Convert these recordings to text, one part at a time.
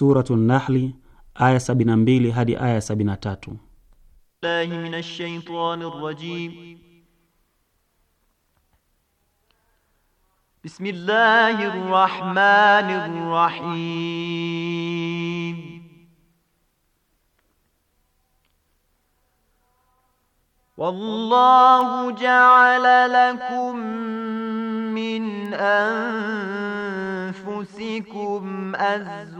Suratu Nahli aya 72 hadi aya 73. Billahi minash shaitani rajim. Bismillahir Rahmanir Rahim. والله جعل لكم من أنفسكم أزواجا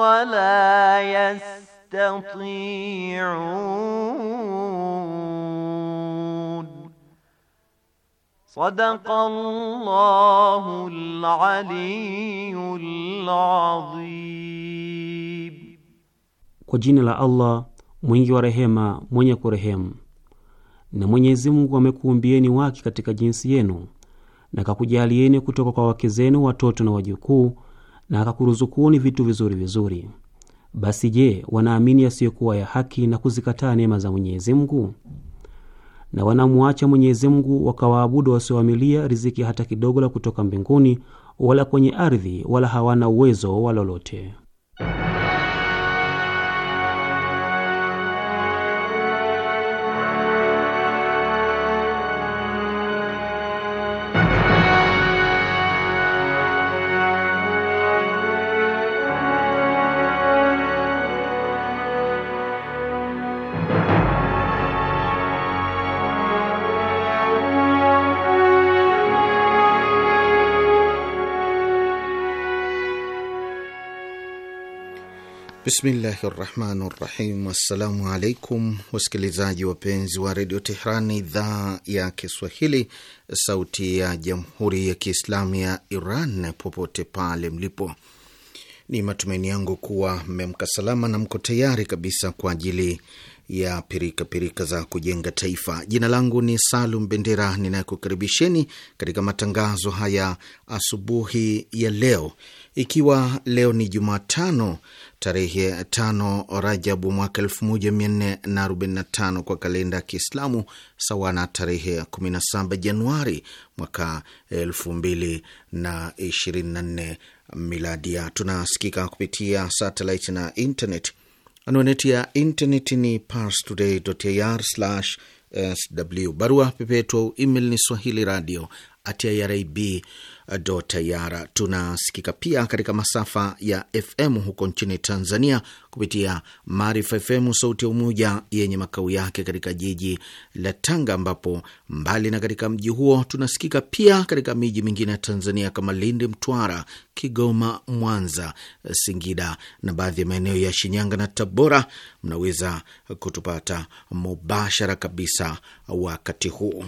ولا يستطيعون صدق الله العلي العظيم Kwa jina la Allah mwingi wa rehema mwenye kurehemu. Na Mwenyezi Mungu amekuumbieni wake katika jinsi yenu na kakujalieni kutoka kwa wake zenu watoto na wajukuu na akakuruzukuni vitu vizuri vizuri. Basi je, wanaamini yasiyokuwa ya haki na kuzikataa neema za Mwenyezi Mungu? Na wanamwacha Mwenyezi Mungu wakawaabudu wasioamilia riziki hata kidogo la kutoka mbinguni wala kwenye ardhi wala hawana uwezo wa lolote. Bismillahi rahmani rahim. assalamu alaikum wasikilizaji wapenzi wa redio Tehran, idhaa ya Kiswahili, sauti ya jamhuri ya kiislamu ya Iran, popote pale mlipo. Ni matumaini yangu kuwa mmemka salama na mko tayari kabisa kwa ajili ya pirikapirika pirika za kujenga taifa. Jina langu ni Salum Bendera ninayekukaribisheni katika matangazo haya asubuhi ya leo, ikiwa leo ni Jumatano tarehe tano Rajabu mwaka 1445 kwa kalenda ya Kiislamu, sawa na tarehe 17 Januari mwaka 224 miladia. Tunasikika kupitia satelit na internet. Anwani ya intaneti ni parstoday.ir/sw. Barua pepe au email ni swahili radio at irib tayara. Tunasikika pia katika masafa ya FM huko nchini Tanzania kupitia Maarifa FM sauti ya Umoja yenye makao yake katika jiji la Tanga, ambapo mbali na katika mji huo tunasikika pia katika miji mingine ya Tanzania kama Lindi, Mtwara, Kigoma, Mwanza, Singida na baadhi ya maeneo ya Shinyanga na Tabora. Mnaweza kutupata mubashara kabisa wakati huu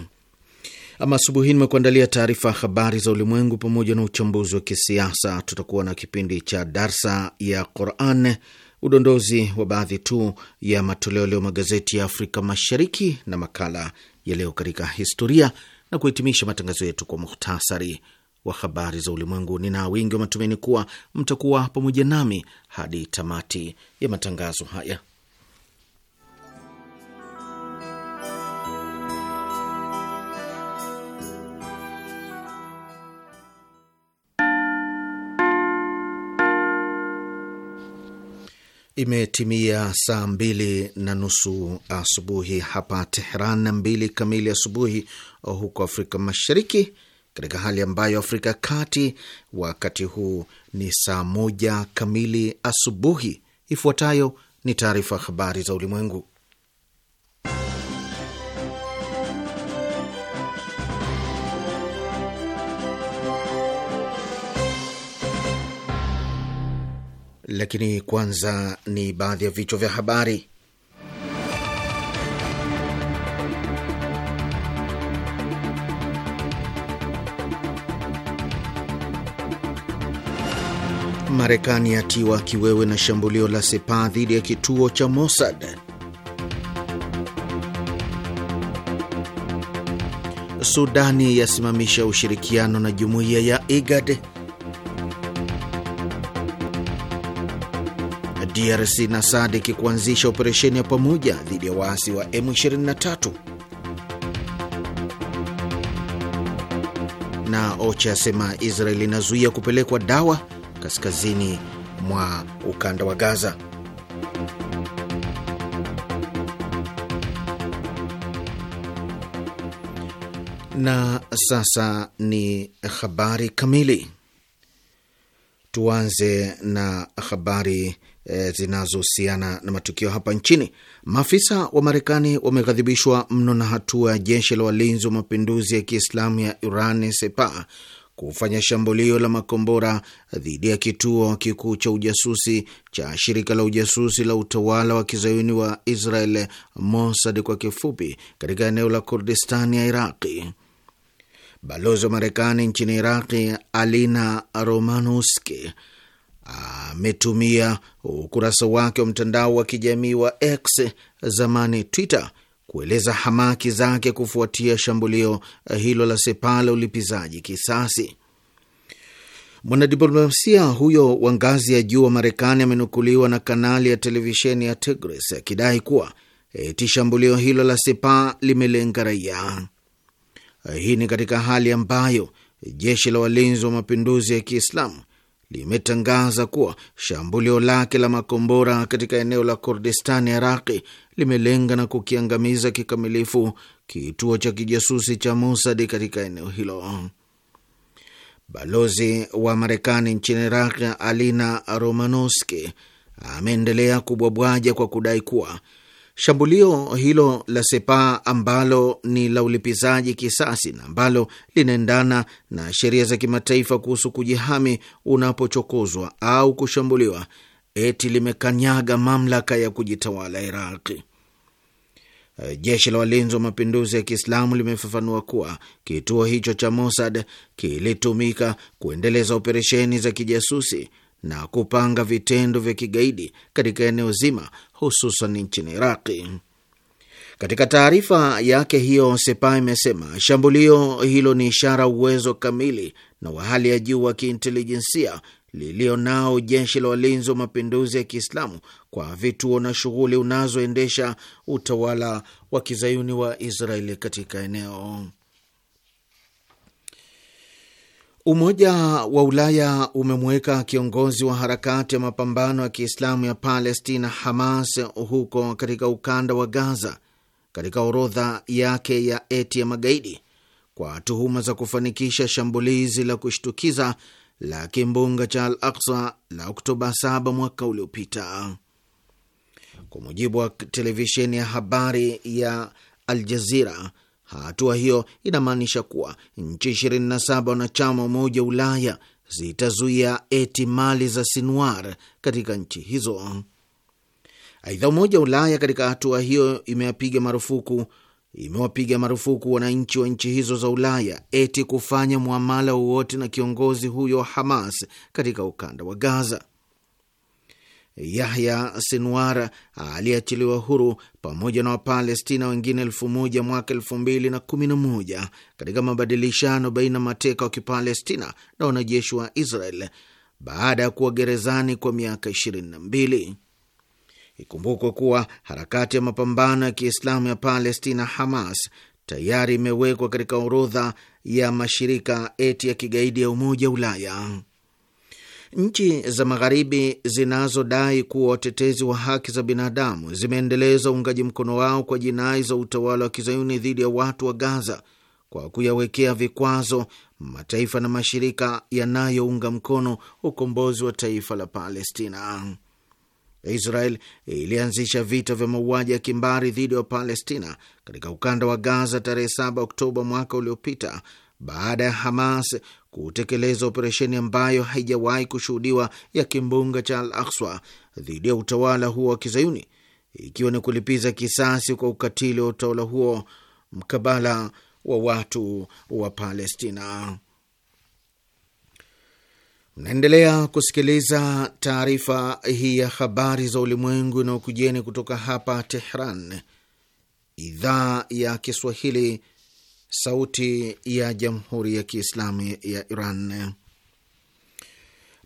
ama asubuhi nimekuandalia taarifa ya habari za ulimwengu pamoja na uchambuzi wa kisiasa. Tutakuwa na kipindi cha darsa ya Quran, udondozi wa baadhi tu ya matoleo leo magazeti ya Afrika Mashariki na makala ya leo katika historia, na kuhitimisha matangazo yetu kwa muhtasari wa habari za ulimwengu. Nina wingi wa matumaini kuwa mtakuwa pamoja nami hadi tamati ya matangazo haya. Imetimia saa mbili na nusu asubuhi hapa Teheran na mbili kamili asubuhi huko Afrika Mashariki, katika hali ambayo Afrika ya Kati wakati huu ni saa moja kamili asubuhi. Ifuatayo ni taarifa habari za ulimwengu lakini kwanza ni baadhi ya vichwa vya habari. Marekani yatiwa kiwewe na shambulio la Sepaa dhidi ya kituo cha Mossad. Sudani yasimamisha ushirikiano na jumuiya ya IGAD DRC na SADC kuanzisha operesheni ya pamoja dhidi ya waasi wa M23 na OCHA asema Israeli inazuia kupelekwa dawa kaskazini mwa ukanda wa Gaza. Na sasa ni habari kamili. Tuanze na habari e, zinazohusiana na matukio hapa nchini. Maafisa wa Marekani wameghadhibishwa mno na hatua ya jeshi la walinzi wa mapinduzi ya Kiislamu ya Iran Sepah kufanya shambulio la makombora dhidi ya kituo kikuu cha ujasusi cha shirika la ujasusi la utawala wa kizayuni wa Israel, Mossad kwa kifupi, katika eneo la Kurdistani ya Iraqi. Balozi wa Marekani nchini Iraqi Alina Romanuski ametumia ukurasa wake wa mtandao wa kijamii wa X zamani Twitter kueleza hamaki zake kufuatia shambulio hilo la la ulipizaji kisasi. Mwanadiplomasia huyo wa ngazi ya juu wa Marekani amenukuliwa na kanali ya televisheni ya Tigris akidai kuwa eti eh, shambulio hilo la Sepa limelenga raia. Hii ni katika hali ambayo jeshi la walinzi wa mapinduzi ya Kiislamu limetangaza kuwa shambulio lake la makombora katika eneo la Kurdistani Iraqi limelenga na kukiangamiza kikamilifu kituo cha kijasusi cha Mossad katika eneo hilo. Balozi wa Marekani nchini iraqi Alina Romanowski ameendelea kubwabwaja kwa kudai kuwa Shambulio hilo la Sepa ambalo ni la ulipizaji kisasi na ambalo linaendana na sheria za kimataifa kuhusu kujihami unapochokozwa au kushambuliwa, eti limekanyaga mamlaka ya kujitawala Iraqi. Jeshi la walinzi wa mapinduzi ya Kiislamu limefafanua kuwa kituo hicho cha Mossad kilitumika kuendeleza operesheni za kijasusi na kupanga vitendo vya kigaidi katika eneo zima, hususan nchini Iraqi. Katika taarifa yake hiyo, Sepa imesema shambulio hilo ni ishara uwezo kamili na wa hali ya juu wa kiintelijensia lilio nao jeshi la walinzi wa mapinduzi ya Kiislamu kwa vituo na shughuli unazoendesha utawala wa kizayuni wa Israeli katika eneo Umoja wa Ulaya umemweka kiongozi wa harakati ya mapambano ya Kiislamu ya Palestina Hamas huko katika ukanda wa Gaza katika orodha yake ya eti ya magaidi kwa tuhuma za kufanikisha shambulizi la kushtukiza la kimbunga cha Al Aksa la Oktoba 7 mwaka uliopita. Kwa mujibu wa televisheni ya habari ya Al Jazira, Hatua hiyo inamaanisha kuwa nchi 27 wanachama Umoja wa Ulaya zitazuia eti mali za Sinwar katika nchi hizo. Aidha, Umoja wa Ulaya katika hatua hiyo imewapiga marufuku imewapiga marufuku wananchi wa nchi hizo za Ulaya eti kufanya mwamala wowote na kiongozi huyo wa Hamas katika ukanda wa Gaza. Yahya Sinwar aliyeachiliwa huru pamoja na Wapalestina wengine elfu moja mwaka elfu mbili na kumi na moja katika mabadilishano baina mateka wa Kipalestina na wanajeshi wa Israel baada ya kuwa gerezani kwa miaka 22. Ikumbukwe kuwa harakati ya mapambano ya Kiislamu ya Palestina, Hamas, tayari imewekwa katika orodha ya mashirika eti ya kigaidi ya Umoja Ulaya. Nchi za Magharibi zinazodai kuwa watetezi wa haki za binadamu zimeendeleza uungaji mkono wao kwa jinai za utawala wa kizayuni dhidi ya watu wa Gaza kwa kuyawekea vikwazo mataifa na mashirika yanayounga mkono ukombozi wa taifa la Palestina. Israel ilianzisha vita vya mauaji ya kimbari dhidi ya Palestina katika ukanda wa Gaza tarehe 7 Oktoba mwaka uliopita baada ya Hamas kutekeleza operesheni ambayo haijawahi kushuhudiwa ya kimbunga cha Al Akswa dhidi ya utawala huo wa Kizayuni, ikiwa ni kulipiza kisasi kwa ukatili wa utawala huo mkabala wa watu wa Palestina. Mnaendelea kusikiliza taarifa hii ya habari za ulimwengu na kutoka hapa Tehran, idhaa ya Kiswahili, Sauti ya Jamhuri ya Kiislamu ya Iran.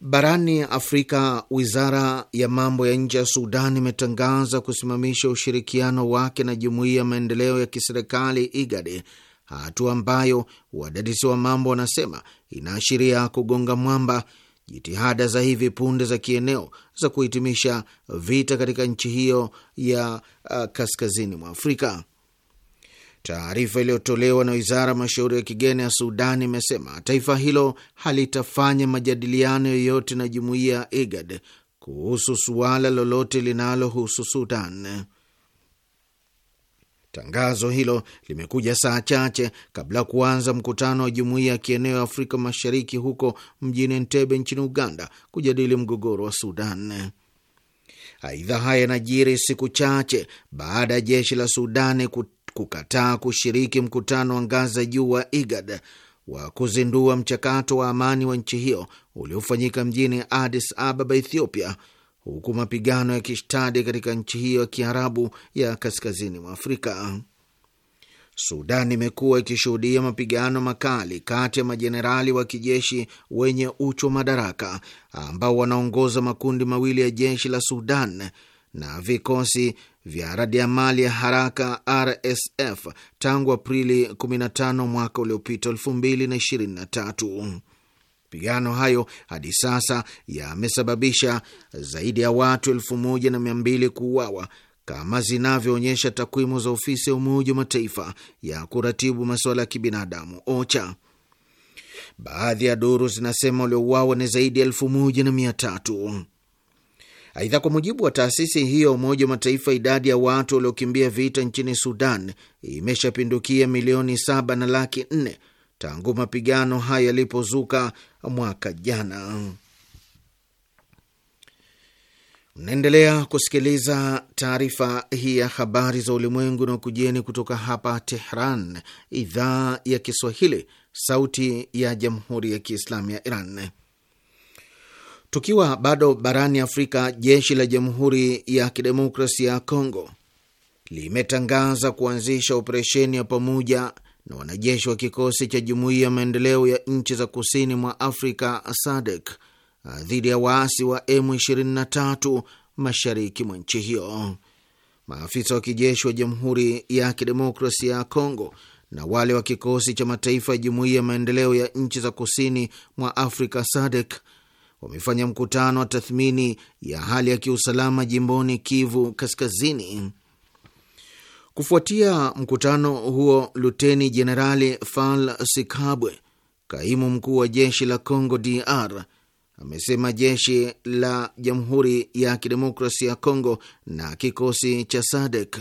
Barani Afrika, wizara ya mambo ya nje ya Sudan imetangaza kusimamisha ushirikiano wake na jumuiya ya maendeleo ya kiserikali IGAD, hatua ambayo wadadisi wa mambo wanasema inaashiria kugonga mwamba jitihada za hivi punde za kieneo za kuhitimisha vita katika nchi hiyo ya uh, kaskazini mwa Afrika. Taarifa iliyotolewa na wizara ya mashauri ya kigeni ya Sudan imesema taifa hilo halitafanya majadiliano yoyote na jumuiya ya IGAD kuhusu suala lolote linalohusu Sudan. Tangazo hilo limekuja saa chache kabla ya kuanza mkutano wa jumuiya ya kieneo ya Afrika Mashariki huko mjini Entebbe nchini Uganda kujadili mgogoro wa Sudan. Aidha, haya yanajiri siku chache baada ya jeshi la Sudani kukataa kushiriki mkutano wa ngazi ya juu wa IGAD wa kuzindua mchakato wa amani wa nchi hiyo uliofanyika mjini Addis Ababa, Ethiopia, huku mapigano ya kishtadi katika nchi hiyo ya Kiarabu ya kaskazini mwa Afrika. Sudan imekuwa ikishuhudia mapigano makali kati ya majenerali wa kijeshi wenye uchu wa madaraka ambao wanaongoza makundi mawili ya jeshi la Sudan na vikosi vya radi ya haraka RSF tangu Aprili 15 mwaka uliopita 2023. Mapigano hayo hadi sasa yamesababisha zaidi ya watu elfu kuuawa kama zinavyoonyesha takwimu za ofisi ya Umoja wa Mataifa ya kuratibu masuala ya kibinadamu OCHA. Baadhi ya duru zinasema waliouawa ni zaidi ya elfu moja na mia tatu. Aidha, kwa mujibu wa taasisi hiyo Umoja wa Mataifa, idadi ya watu waliokimbia vita nchini Sudan imeshapindukia milioni saba na laki nne tangu mapigano hayo yalipozuka mwaka jana. unaendelea kusikiliza taarifa hii ya habari za ulimwengu na kujieni kutoka hapa Tehran, idhaa ya Kiswahili, sauti ya jamhuri ya kiislamu ya Iran. Tukiwa bado barani Afrika, jeshi la Jamhuri ya Kidemokrasia ya Kongo limetangaza kuanzisha operesheni ya pamoja na wanajeshi wa kikosi cha Jumuiya ya Maendeleo ya Nchi za Kusini mwa Afrika SADC dhidi ya waasi wa M23 mashariki mwa nchi hiyo. Maafisa wa kijeshi wa Jamhuri ya Kidemokrasia ya Kongo na wale wa kikosi cha mataifa ya Jumuiya ya Maendeleo ya Nchi za Kusini mwa Afrika SADC wamefanya mkutano wa tathmini ya hali ya kiusalama jimboni Kivu Kaskazini. Kufuatia mkutano huo, Luteni Jenerali Fal Sikabwe, kaimu mkuu wa jeshi la Congo DR, amesema jeshi la Jamhuri ya Kidemokrasia ya Congo na kikosi cha sadek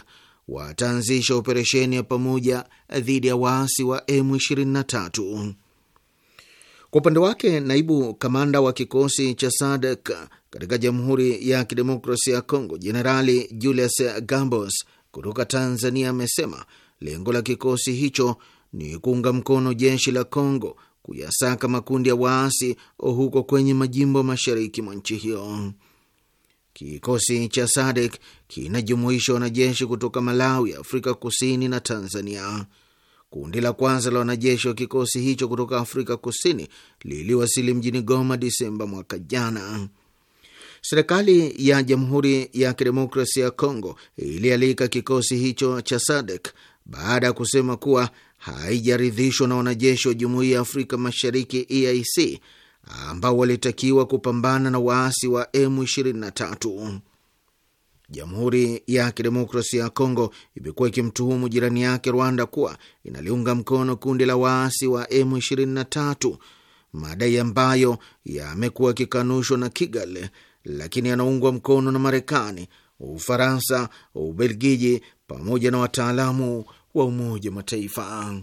wataanzisha operesheni ya pamoja dhidi ya waasi wa M23. Kwa upande wake, naibu kamanda wa kikosi cha SADC katika Jamhuri ya Kidemokrasia ya Kongo, Jenerali Julius Gambos kutoka Tanzania amesema lengo la kikosi hicho ni kuunga mkono jeshi la Kongo kuyasaka makundi ya waasi huko kwenye majimbo mashariki mwa nchi hiyo. Kikosi cha SADC kinajumuisha wanajeshi kutoka Malawi, Afrika Kusini na Tanzania. Kundi la kwanza la wanajeshi wa kikosi hicho kutoka Afrika Kusini liliwasili mjini Goma disemba mwaka jana. Serikali ya Jamhuri ya Kidemokrasia ya Kongo ilialika kikosi hicho cha SADC baada ya kusema kuwa haijaridhishwa na wanajeshi wa Jumuiya ya Afrika Mashariki EAC ambao walitakiwa kupambana na waasi wa M23. Jamhuri ya Kidemokrasia ya Kongo imekuwa ikimtuhumu jirani yake Rwanda kuwa inaliunga mkono kundi la waasi wa M23, madai ambayo yamekuwa yakikanushwa na Kigali, lakini yanaungwa mkono na Marekani, Ufaransa, Ubelgiji pamoja na wataalamu wa Umoja wa Mataifa.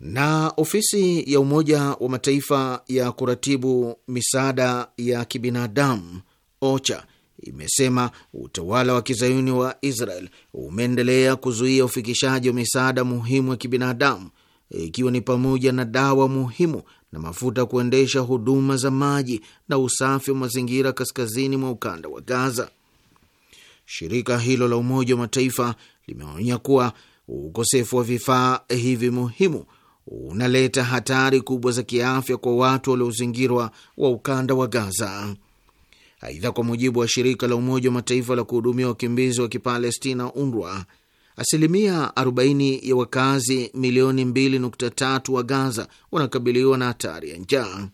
Na ofisi ya Umoja wa Mataifa ya kuratibu misaada ya kibinadamu OCHA imesema utawala wa kizayuni wa Israel umeendelea kuzuia ufikishaji wa misaada muhimu ya kibinadamu ikiwa ni pamoja na dawa muhimu na mafuta kuendesha huduma za maji na usafi wa mazingira kaskazini mwa ukanda wa Gaza. Shirika hilo la Umoja wa Mataifa limeonya kuwa ukosefu wa vifaa hivi muhimu unaleta hatari kubwa za kiafya kwa watu waliozingirwa wa ukanda wa Gaza. Aidha, kwa mujibu wa shirika la Umoja wa Mataifa la kuhudumia wakimbizi wa Kipalestina, UNRWA, asilimia 40 ya wakazi milioni 2.3 wa Gaza wanakabiliwa na hatari ya njaa.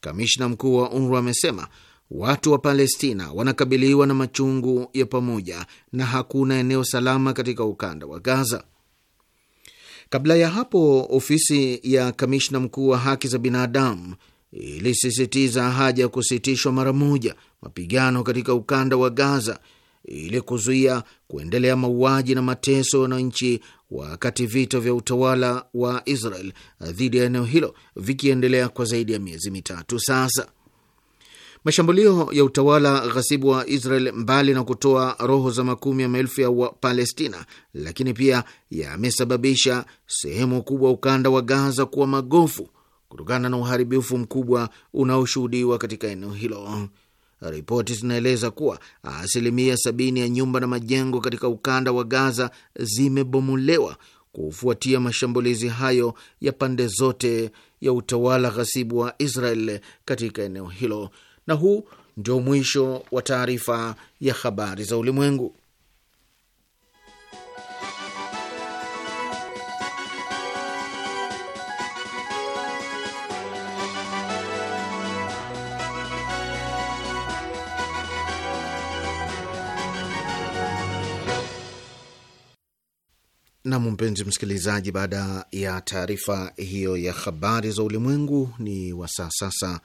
Kamishna mkuu wa UNRWA amesema watu wa Palestina wanakabiliwa na machungu ya pamoja na hakuna eneo salama katika ukanda wa Gaza. Kabla ya hapo, ofisi ya kamishna mkuu wa haki za binadamu ilisisitiza haja ya kusitishwa mara moja mapigano katika ukanda wa Gaza ili kuzuia kuendelea mauaji na mateso ya wananchi wakati vita vya utawala wa Israel dhidi ya eneo hilo vikiendelea kwa zaidi ya miezi mitatu sasa. Mashambulio ya utawala ghasibu wa Israel, mbali na kutoa roho za makumi ya maelfu ya Wapalestina, lakini pia yamesababisha sehemu kubwa ukanda wa Gaza kuwa magofu kutokana na uharibifu mkubwa unaoshuhudiwa katika eneo hilo. Ripoti zinaeleza kuwa asilimia sabini ya nyumba na majengo katika ukanda wa Gaza zimebomolewa kufuatia mashambulizi hayo ya pande zote ya utawala ghasibu wa Israel katika eneo hilo. Na huu ndio mwisho wa taarifa ya habari za ulimwengu. Nam, mpenzi msikilizaji, baada ya taarifa hiyo ya habari za ulimwengu, ni wasaa sasa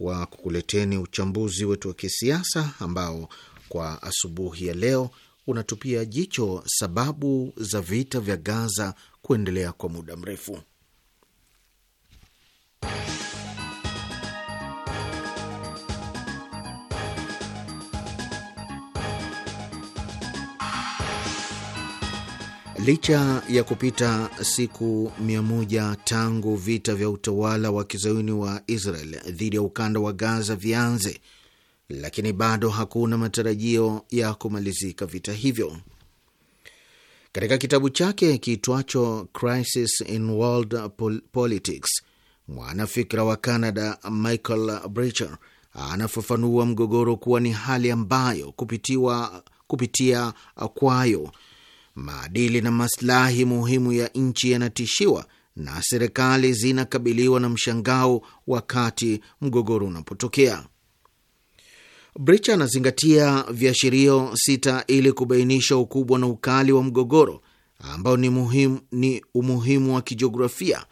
wa kukuleteni uchambuzi wetu wa kisiasa ambao kwa asubuhi ya leo unatupia jicho sababu za vita vya Gaza kuendelea kwa muda mrefu. Licha ya kupita siku mia moja tangu vita vya utawala wa kizayuni wa Israel dhidi ya ukanda wa Gaza vianze, lakini bado hakuna matarajio ya kumalizika vita hivyo. Katika kitabu chake kiitwacho Crisis in World Politics, mwanafikira wa Canada Michael Bricher anafafanua mgogoro kuwa ni hali ambayo kupitiwa, kupitia kwayo maadili na maslahi muhimu ya nchi yanatishiwa na serikali zinakabiliwa na mshangao wakati mgogoro unapotokea. Bricha anazingatia viashirio sita ili kubainisha ukubwa na ukali wa mgogoro ambao ni, muhimu, ni umuhimu wa kijiografia,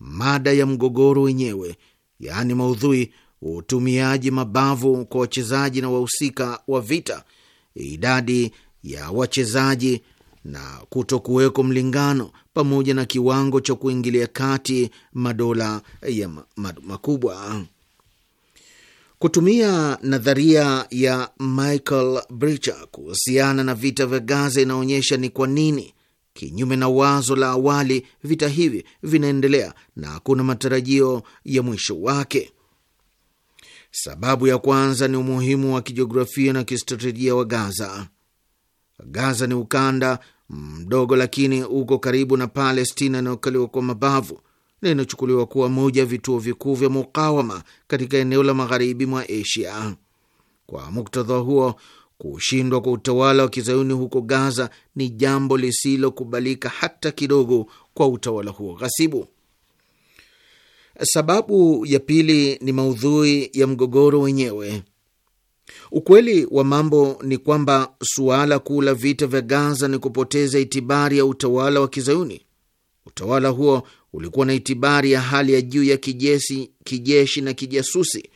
mada ya mgogoro wenyewe, yaani maudhui, utumiaji mabavu kwa wachezaji na wahusika wa vita, idadi ya wachezaji, na kuto kuweko mlingano pamoja na kiwango cha kuingilia kati madola ya makubwa. Kutumia nadharia ya Michael Brecher kuhusiana na vita vya Gaza inaonyesha ni kwa nini, kinyume na wazo la awali, vita hivi vinaendelea na hakuna matarajio ya mwisho wake. Sababu ya kwanza ni umuhimu wa kijiografia na kistratejia wa Gaza. Gaza ni ukanda mdogo, lakini uko karibu na Palestina inayokaliwa kwa mabavu na inachukuliwa kuwa moja ya vituo vikuu vya mukawama katika eneo la magharibi mwa Asia. Kwa muktadha huo, kushindwa kwa utawala wa kizayuni huko Gaza ni jambo lisilokubalika hata kidogo kwa utawala huo ghasibu. Sababu ya pili ni maudhui ya mgogoro wenyewe. Ukweli wa mambo ni kwamba suala kuu la vita vya Gaza ni kupoteza itibari ya utawala wa Kizayuni. Utawala huo ulikuwa na itibari ya hali ya juu ya kijesi, kijeshi na kijasusi,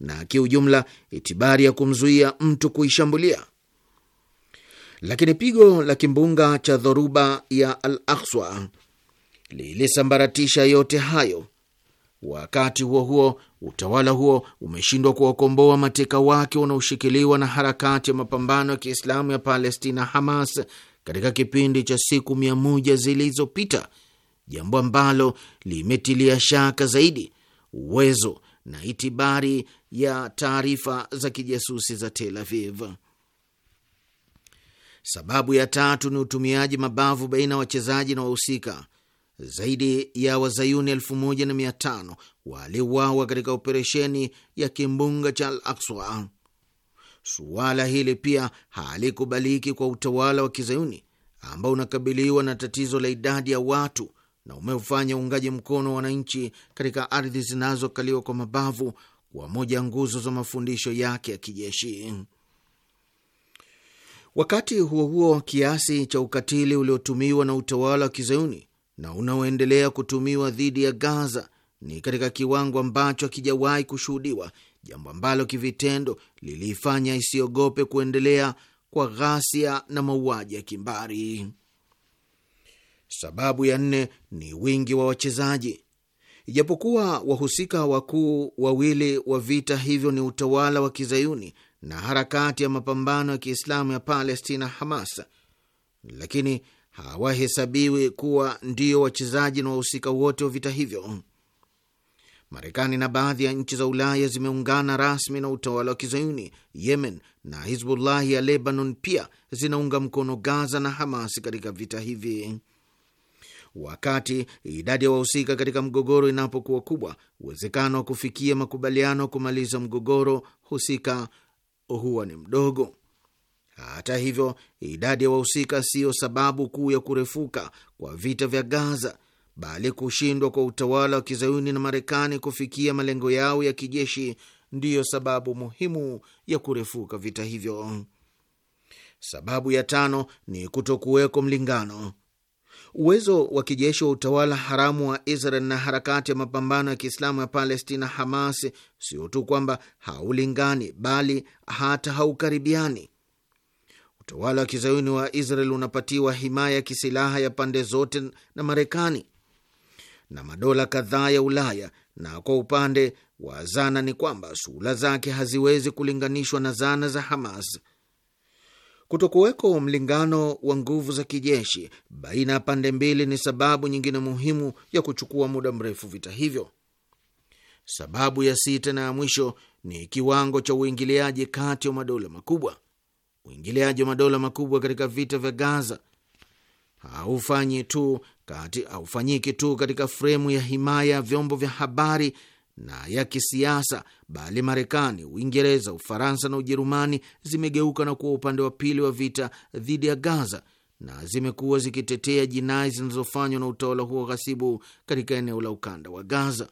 na kiujumla itibari ya kumzuia mtu kuishambulia. Lakini pigo la kimbunga cha dhoruba ya Al Akswa lilisambaratisha yote hayo Wakati huo huo, utawala huo umeshindwa kuwakomboa mateka wake wanaoshikiliwa na harakati ya mapambano ya Kiislamu ya Palestina, Hamas, katika kipindi cha siku mia moja zilizopita, jambo ambalo limetilia shaka zaidi uwezo na itibari ya taarifa za kijasusi za Tel Aviv. Sababu ya tatu ni utumiaji mabavu baina ya wachezaji na wahusika zaidi ya wazayuni elfu moja na mia tano waliuawa katika operesheni ya kimbunga cha Al Akswa. Suala hili pia halikubaliki kwa utawala wa kizayuni ambao unakabiliwa na tatizo la idadi ya watu na umeufanya uungaji mkono wa wananchi katika ardhi zinazokaliwa kwa mabavu kwa moja nguzo za mafundisho yake ya kijeshi. Wakati huo huo, kiasi cha ukatili uliotumiwa na utawala wa kizayuni na unaoendelea kutumiwa dhidi ya Gaza ni katika kiwango ambacho hakijawahi kushuhudiwa, jambo ambalo kivitendo liliifanya isiogope kuendelea kwa ghasia na mauaji ya kimbari. Sababu ya nne ni wingi wa wachezaji. Ijapokuwa wahusika wakuu wawili wa vita hivyo ni utawala wa kizayuni na harakati ya mapambano ya kiislamu ya Palestina, Hamas, lakini hawahesabiwi kuwa ndio wachezaji na wahusika wote wa vita hivyo. Marekani na baadhi ya nchi za Ulaya zimeungana rasmi na utawala wa kizayuni Yemen, na Hizbullahi ya Lebanon pia zinaunga mkono Gaza na Hamasi katika vita hivi. Wakati idadi ya wa wahusika katika mgogoro inapokuwa kubwa, uwezekano wa kufikia makubaliano kumaliza mgogoro husika huwa ni mdogo. Hata hivyo, idadi ya wa wahusika siyo sababu kuu ya kurefuka kwa vita vya Gaza, bali kushindwa kwa utawala wa kizayuni na Marekani kufikia malengo yao ya kijeshi ndiyo sababu muhimu ya kurefuka vita hivyo. Sababu ya tano ni kutokuweko mlingano. Uwezo wa kijeshi wa utawala haramu wa Israel na harakati ya mapambano ya Kiislamu ya Palestina, Hamas, sio tu kwamba haulingani, bali hata haukaribiani. Utawala wa kizayuni wa Israel unapatiwa himaya ya kisilaha ya pande zote na Marekani na madola kadhaa ya Ulaya, na kwa upande wa zana ni kwamba suhula zake haziwezi kulinganishwa na zana za Hamas. Kutokuweko mlingano wa nguvu za kijeshi baina ya pande mbili ni sababu nyingine muhimu ya kuchukua muda mrefu vita hivyo. Sababu ya sita na ya mwisho ni kiwango cha uingiliaji kati ya madola makubwa uingiliaji wa madola makubwa katika vita vya Gaza haufanyi tu kati, haufanyiki tu katika fremu ya himaya ya vyombo vya habari na ya kisiasa, bali Marekani, Uingereza, Ufaransa na Ujerumani zimegeuka na kuwa upande wa pili wa vita dhidi ya Gaza na zimekuwa zikitetea jinai zinazofanywa na utawala huo ghasibu katika eneo la ukanda wa Gaza.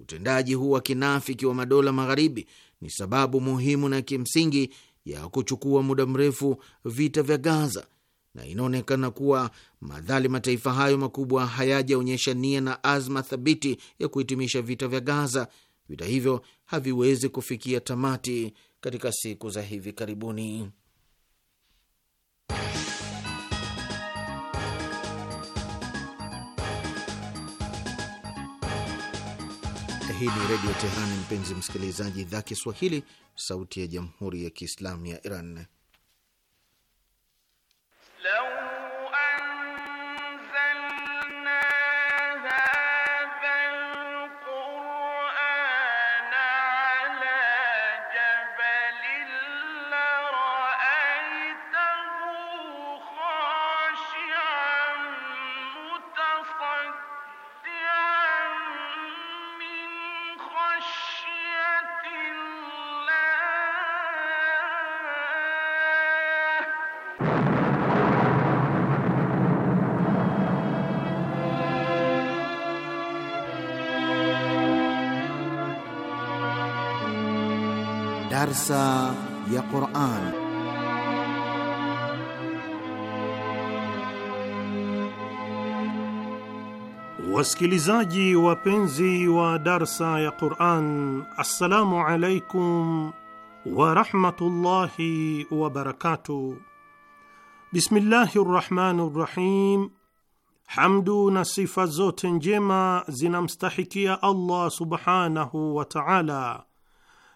Utendaji huu wa kinafiki wa madola magharibi ni sababu muhimu na kimsingi ya kuchukua muda mrefu vita vya Gaza, na inaonekana kuwa madhali mataifa hayo makubwa hayajaonyesha nia na azma thabiti ya kuhitimisha vita vya Gaza, vita hivyo haviwezi kufikia tamati katika siku za hivi karibuni. Hii ni Redio tehran mpenzi msikilizaji, idhaa Kiswahili, sauti ya Jamhuri ya Kiislamu ya Iran. darsa ya Qur'an. Wasikilizaji wapenzi wa darsa ya Qur'an, assalamu alaikum wa wabarakatuh wa barakatuh. Bismillahi rahmani rahim. Hamdu na sifa zote njema zinamstahikia Allah subhanahu wa ta'ala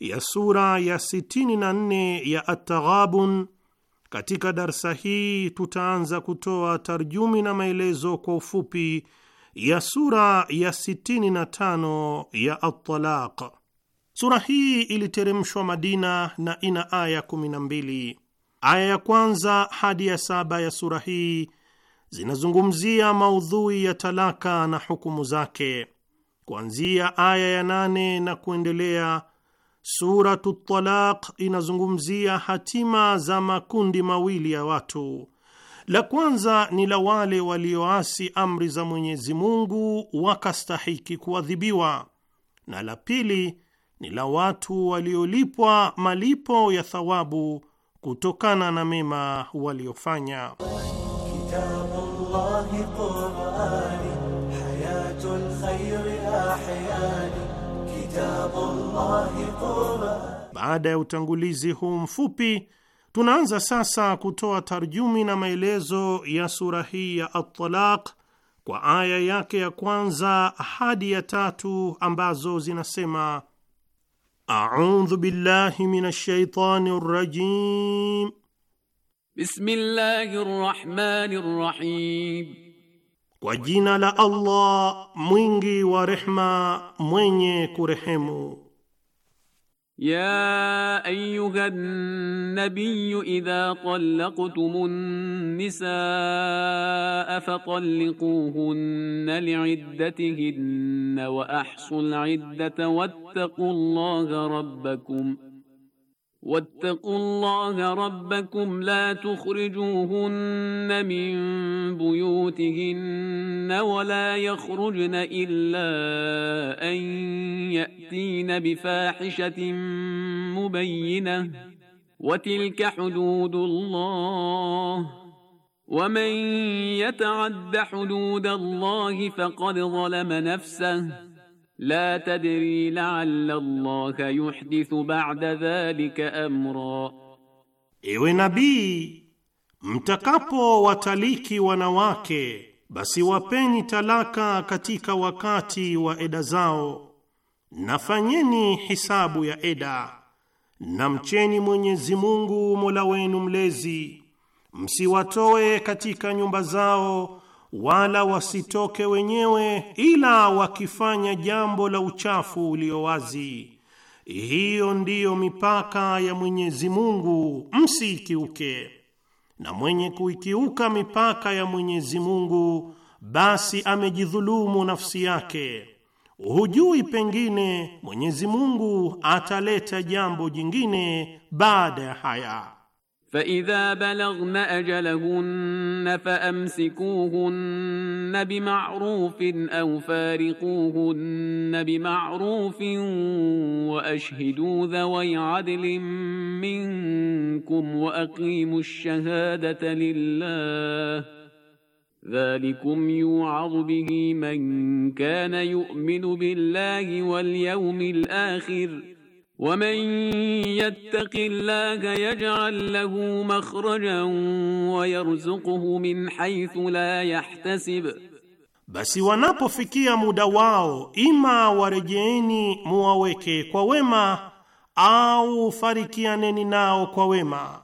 ya sura ya 64 ya at Katika darsa hii tutaanza kutoa tarjumi na maelezo kwa ufupi ya sura ya 65 ya Atalaq. Sura hii iliteremshwa Madina na ina aya 12. Aya ya kwanza hadi ya saba ya sura hii zinazungumzia maudhui ya talaka na hukumu zake. Kuanzia aya ya nane na kuendelea Suratu Talaq inazungumzia hatima za makundi mawili ya watu. La kwanza ni la wale walioasi amri za Mwenyezi Mungu wakastahiki kuadhibiwa, na la pili ni la watu waliolipwa malipo ya thawabu kutokana na mema waliofanya. Kitabullahi. Baada ya utangulizi huu mfupi, tunaanza sasa kutoa tarjumi na maelezo ya sura hii ya At-Talaq kwa aya yake ya kwanza hadi ya tatu ambazo zinasema: audhu billahi minash shaitani rajim, rahim Kwa jina la Allah mwingi wa rehma, mwenye kurehemu. Ya ayyuhan nabiyyu idha talaqtumun nisaa fatalliquhunna li'iddatihinna wa ahsul iddata wattaqullaha rabbakum واتقوا الله ربكم لا تخرجوهن من بيوتهن ولا يخرجن الا ان ياتين بفاحشه مبينه وتلك حدود الله ومن يتعد حدود الله فقد ظلم نفسه la tadri laalla Allah yuhdithu ba'da dhalika amra, ewe nabii, mtakapowataliki wanawake basi wapeni talaka katika wakati wa eda zao, nafanyeni hisabu ya eda, na mcheni Mwenyezi Mungu mola wenu mlezi, msiwatoe katika nyumba zao wala wasitoke wenyewe ila wakifanya jambo la uchafu ulio wazi. Hiyo ndiyo mipaka ya Mwenyezi Mungu, msiikiuke. Na mwenye kuikiuka mipaka ya Mwenyezi Mungu, basi amejidhulumu nafsi yake. Hujui, pengine Mwenyezi Mungu ataleta jambo jingine baada ya haya. فإذا بلغن أجلهن فأمسكوهن بمعروف أو فارقوهن بمعروف وأشهدوا ذوي عدل منكم وأقيموا الشهادة لله ذلكم يوعظ به من كان يؤمن بالله واليوم الآخر ۖ ومن يتق الله يجعل له مخرجا ويرزقه min haithu la yahtasib, basi wanapofikia muda wao, ima warejeeni muwaweke kwa wema au farikianeni nao kwa wema,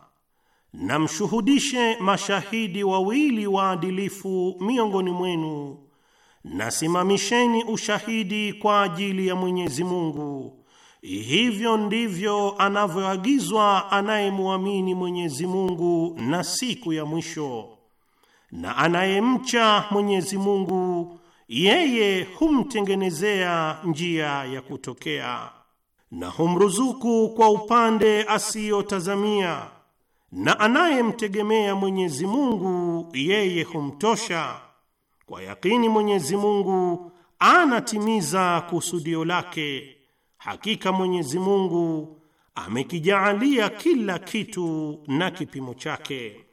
namshuhudishe mashahidi wawili waadilifu miongoni mwenu, nasimamisheni ushahidi kwa ajili ya Mwenyezi Mungu Hivyo ndivyo anavyoagizwa anayemwamini Mwenyezi Mungu na siku ya mwisho, na anayemcha Mwenyezi Mungu yeye humtengenezea njia ya kutokea na humruzuku kwa upande asiyotazamia, na anayemtegemea Mwenyezi Mungu yeye humtosha. Kwa yakini Mwenyezi Mungu anatimiza kusudio lake. Hakika Mwenyezi Mungu amekijaalia kila kitu na kipimo chake.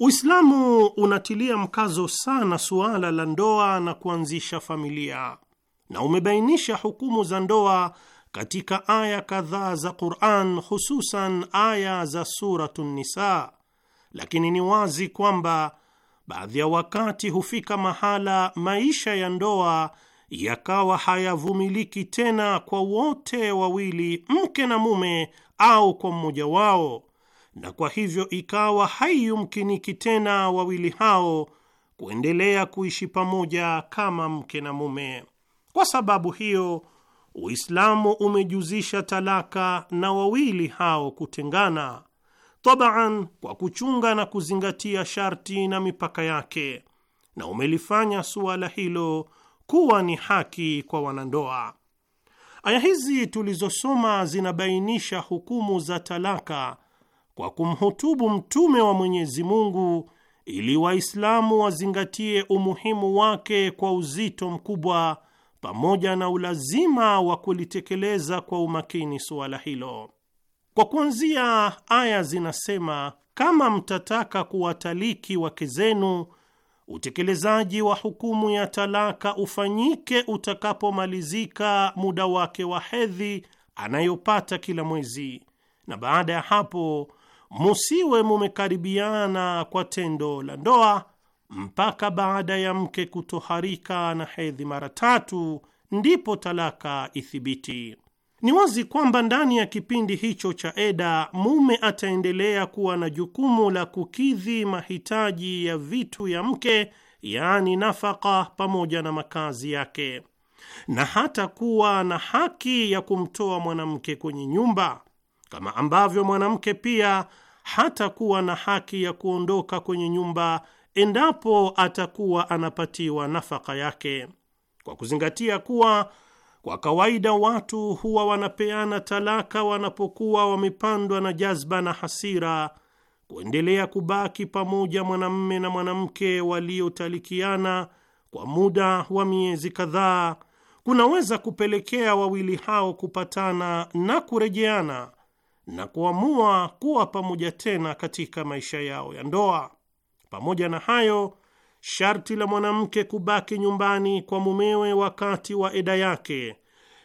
Uislamu unatilia mkazo sana suala la ndoa na kuanzisha familia na umebainisha hukumu za ndoa katika aya kadhaa za Qur'an, hususan aya za Suratu Nisa. Lakini ni wazi kwamba baadhi ya wakati hufika mahala maisha ya ndoa yakawa hayavumiliki tena kwa wote wawili, mke na mume, au kwa mmoja wao, na kwa hivyo ikawa haiyumkiniki tena wawili hao kuendelea kuishi pamoja kama mke na mume. Kwa sababu hiyo, Uislamu umejuzisha talaka na wawili hao kutengana, tabaan, kwa kuchunga na kuzingatia sharti na mipaka yake, na umelifanya suala hilo kuwa ni haki kwa wanandoa. Aya hizi tulizosoma zinabainisha hukumu za talaka kwa kumhutubu Mtume wa Mwenyezi Mungu ili Waislamu wazingatie umuhimu wake kwa uzito mkubwa, pamoja na ulazima wa kulitekeleza kwa umakini suala hilo. Kwa kuanzia, aya zinasema kama mtataka kuwataliki wake zenu utekelezaji wa hukumu ya talaka ufanyike utakapomalizika muda wake wa hedhi anayopata kila mwezi, na baada ya hapo musiwe mumekaribiana kwa tendo la ndoa mpaka baada ya mke kutoharika na hedhi mara tatu, ndipo talaka ithibiti. Ni wazi kwamba ndani ya kipindi hicho cha eda mume ataendelea kuwa na jukumu la kukidhi mahitaji ya vitu ya mke, yaani nafaka pamoja na makazi yake, na hata kuwa na haki ya kumtoa mwanamke kwenye nyumba, kama ambavyo mwanamke pia hatakuwa na haki ya kuondoka kwenye nyumba endapo atakuwa anapatiwa nafaka yake, kwa kuzingatia kuwa kwa kawaida watu huwa wanapeana talaka wanapokuwa wamepandwa na jazba na hasira kuendelea kubaki pamoja mwanamme na mwanamke waliotalikiana kwa muda wa miezi kadhaa kunaweza kupelekea wawili hao kupatana na kurejeana na kuamua kuwa pamoja tena katika maisha yao ya ndoa. Pamoja na hayo, sharti la mwanamke kubaki nyumbani kwa mumewe wakati wa eda yake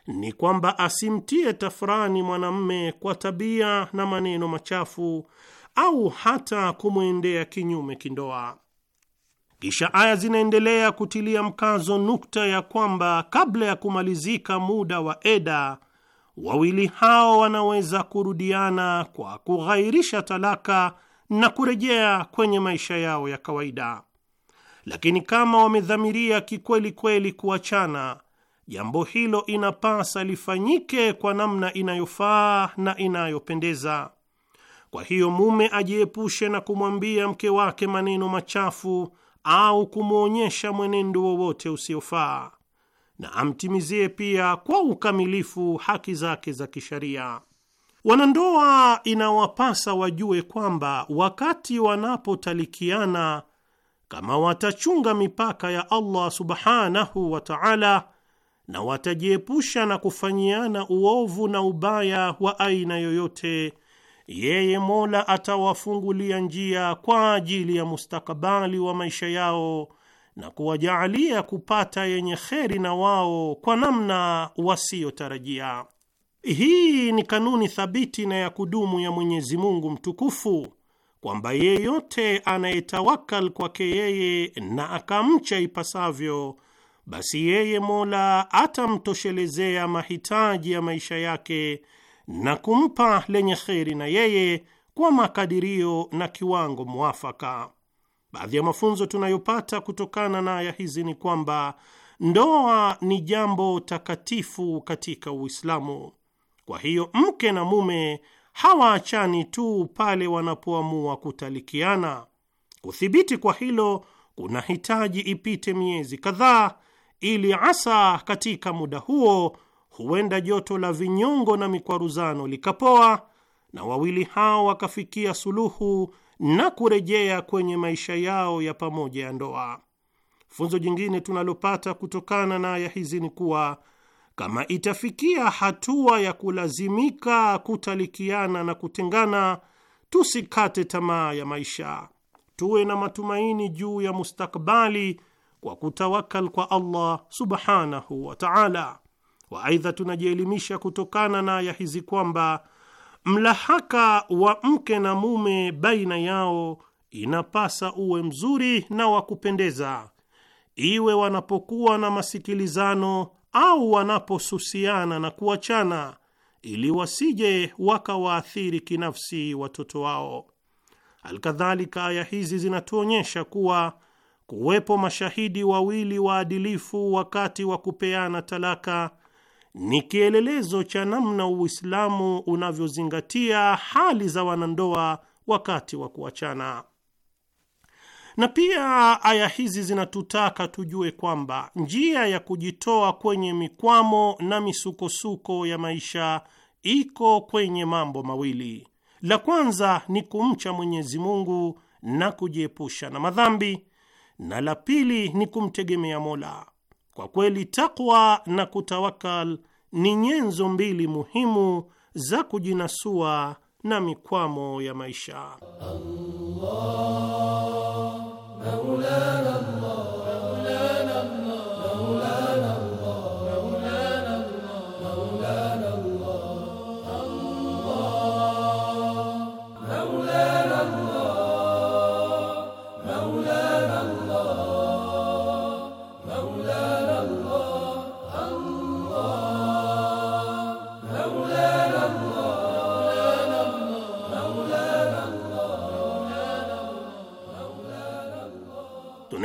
ni kwamba asimtie tafurani mwanamme kwa tabia na maneno machafu au hata kumwendea kinyume kindoa. Kisha aya zinaendelea kutilia mkazo nukta ya kwamba kabla ya kumalizika muda wa eda, wawili hao wanaweza kurudiana kwa kughairisha talaka na kurejea kwenye maisha yao ya kawaida lakini kama wamedhamiria kikweli kweli kuachana, jambo hilo inapasa lifanyike kwa namna inayofaa na inayopendeza. Kwa hiyo mume ajiepushe na kumwambia mke wake maneno machafu au kumwonyesha mwenendo wowote usiofaa, na amtimizie pia kwa ukamilifu haki zake za kisharia. Wanandoa inawapasa wajue kwamba wakati wanapotalikiana kama watachunga mipaka ya Allah subhanahu wa ta'ala na watajiepusha na kufanyiana uovu na ubaya wa aina yoyote, yeye Mola atawafungulia njia kwa ajili ya mustakabali wa maisha yao na kuwajaalia kupata yenye kheri na wao kwa namna wasiyotarajia. Hii ni kanuni thabiti na ya kudumu ya Mwenyezi Mungu mtukufu kwamba yeyote anayetawakal kwake yeye na akamcha ipasavyo, basi yeye Mola atamtoshelezea mahitaji ya maisha yake na kumpa lenye kheri na yeye kwa makadirio na kiwango mwafaka. Baadhi ya mafunzo tunayopata kutokana na aya hizi ni kwamba ndoa ni jambo takatifu katika Uislamu. Kwa hiyo mke na mume hawaachani tu pale wanapoamua kutalikiana. Kuthibiti kwa hilo kuna hitaji ipite miezi kadhaa, ili asa katika muda huo huenda joto la vinyongo na mikwaruzano likapoa na wawili hao wakafikia suluhu na kurejea kwenye maisha yao ya pamoja ya ndoa. Funzo jingine tunalopata kutokana na aya hizi ni kuwa kama itafikia hatua ya kulazimika kutalikiana na kutengana, tusikate tamaa ya maisha, tuwe na matumaini juu ya mustakbali kwa kutawakal kwa Allah subhanahu wa ta'ala. Wa aidha, tunajielimisha kutokana na aya hizi kwamba mlahaka wa mke na mume baina yao inapasa uwe mzuri na wa kupendeza, iwe wanapokuwa na masikilizano au wanaposusiana na kuachana, ili wasije wakawaathiri kinafsi watoto wao. Alkadhalika, aya hizi zinatuonyesha kuwa kuwepo mashahidi wawili waadilifu wakati wa kupeana talaka ni kielelezo cha namna Uislamu unavyozingatia hali za wanandoa wakati wa kuachana. Na pia aya hizi zinatutaka tujue kwamba njia ya kujitoa kwenye mikwamo na misukosuko ya maisha iko kwenye mambo mawili. La kwanza ni kumcha Mwenyezi Mungu na kujiepusha na madhambi, na la pili ni kumtegemea Mola. Kwa kweli, takwa na kutawakal ni nyenzo mbili muhimu za kujinasua na mikwamo ya maisha Allah. مولانا الله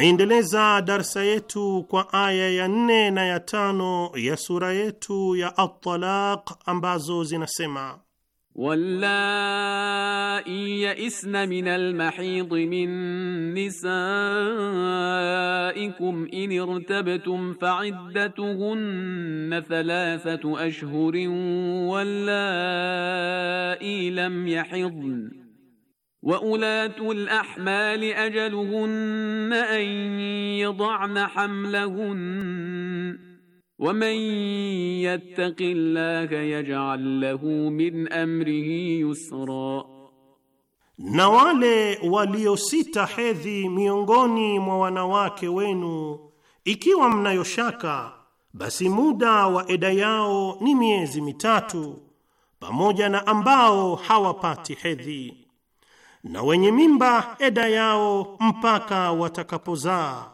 Tunaendeleza darsa yetu kwa aya ya nne na ya tano ya sura yetu ya At-Talaq ambazo zinasema Wallai yaisna min almahid min nisaikum in irtabtum fa'iddatuhunna thalathatu ashhurin wallai lam yahidn وأولات الأحمال أجلهن أن يضعن حملهن ومن يتق الله يجعل له من أمره يسرا na wale waliosita hedhi miongoni mwa wanawake wenu, ikiwa mnayoshaka, basi muda wa eda yao ni miezi mitatu, pamoja na ambao hawapati hedhi na wenye mimba eda yao mpaka watakapozaa.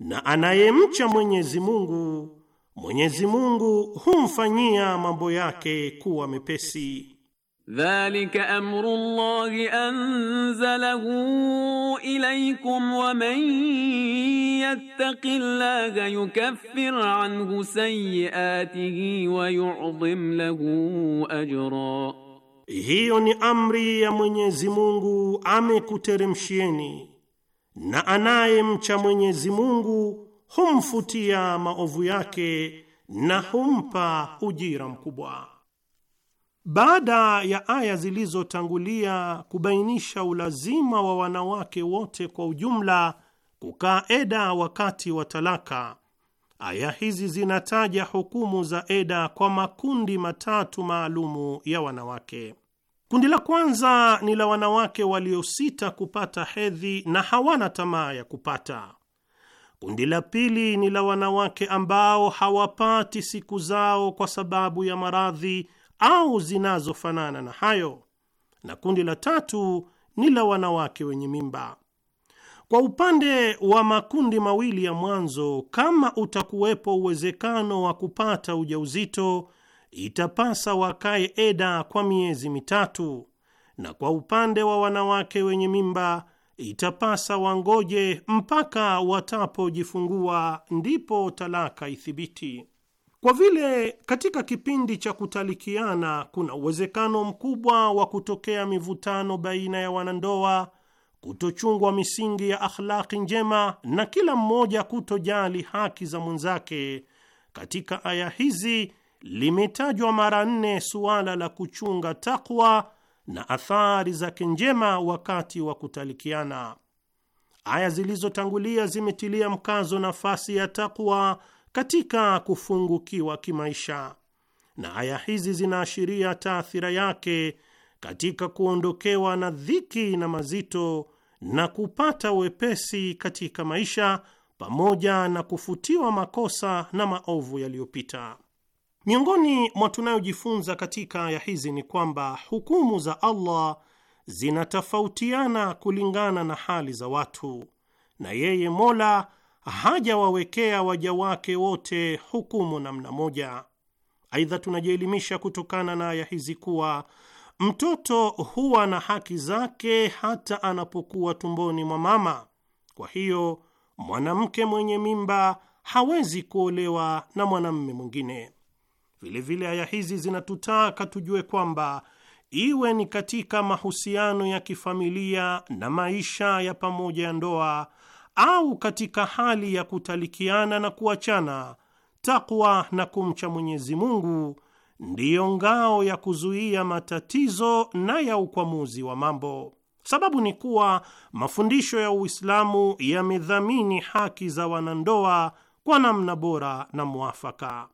Na anayemcha Mwenyezi Mungu, Mwenyezi Mungu humfanyia mambo yake kuwa mepesi. Dhalika amru Allahi anzalahu ilaykum wa man Allaha yukaffir anhu sayyi'atihi wa yu'dhim lahu ajra hiyo ni amri ya Mwenyezi Mungu amekuteremshieni, na anayemcha Mwenyezi Mungu humfutia maovu yake na humpa ujira mkubwa. Baada ya aya zilizotangulia kubainisha ulazima wa wanawake wote kwa ujumla kukaa eda wakati wa talaka, Aya hizi zinataja hukumu za eda kwa makundi matatu maalumu ya wanawake. Kundi la kwanza ni la wanawake waliosita kupata hedhi na hawana tamaa ya kupata. Kundi la pili ni la wanawake ambao hawapati siku zao kwa sababu ya maradhi au zinazofanana na hayo, na kundi la tatu ni la wanawake wenye mimba. Kwa upande wa makundi mawili ya mwanzo, kama utakuwepo uwezekano wa kupata ujauzito, itapasa wakae eda kwa miezi mitatu, na kwa upande wa wanawake wenye mimba itapasa wangoje mpaka watapojifungua ndipo talaka ithibiti. Kwa vile katika kipindi cha kutalikiana kuna uwezekano mkubwa wa kutokea mivutano baina ya wanandoa kutochungwa misingi ya akhlaki njema na kila mmoja kutojali haki za mwenzake. Katika aya hizi limetajwa mara nne suala la kuchunga takwa na athari zake njema wakati wa kutalikiana. Aya zilizotangulia zimetilia mkazo nafasi ya takwa katika kufungukiwa kimaisha, na aya hizi zinaashiria taathira yake katika kuondokewa na dhiki na mazito na kupata wepesi katika maisha pamoja na kufutiwa makosa na maovu yaliyopita. Miongoni mwa tunayojifunza katika aya hizi ni kwamba hukumu za Allah zinatofautiana kulingana na hali za watu, na yeye Mola hajawawekea waja wake wote hukumu namna moja. Aidha, tunajielimisha kutokana na aya hizi kuwa Mtoto huwa na haki zake hata anapokuwa tumboni mwa mama. Kwa hiyo mwanamke mwenye mimba hawezi kuolewa na mwanamume mwingine. Vilevile aya hizi zinatutaka tujue kwamba iwe ni katika mahusiano ya kifamilia na maisha ya pamoja ya ndoa au katika hali ya kutalikiana na kuachana, takwa na kumcha Mwenyezi Mungu ndiyo ngao ya kuzuia matatizo na ya ukwamuzi wa mambo. Sababu ni kuwa mafundisho ya Uislamu yamedhamini haki za wanandoa kwa namna bora na mwafaka.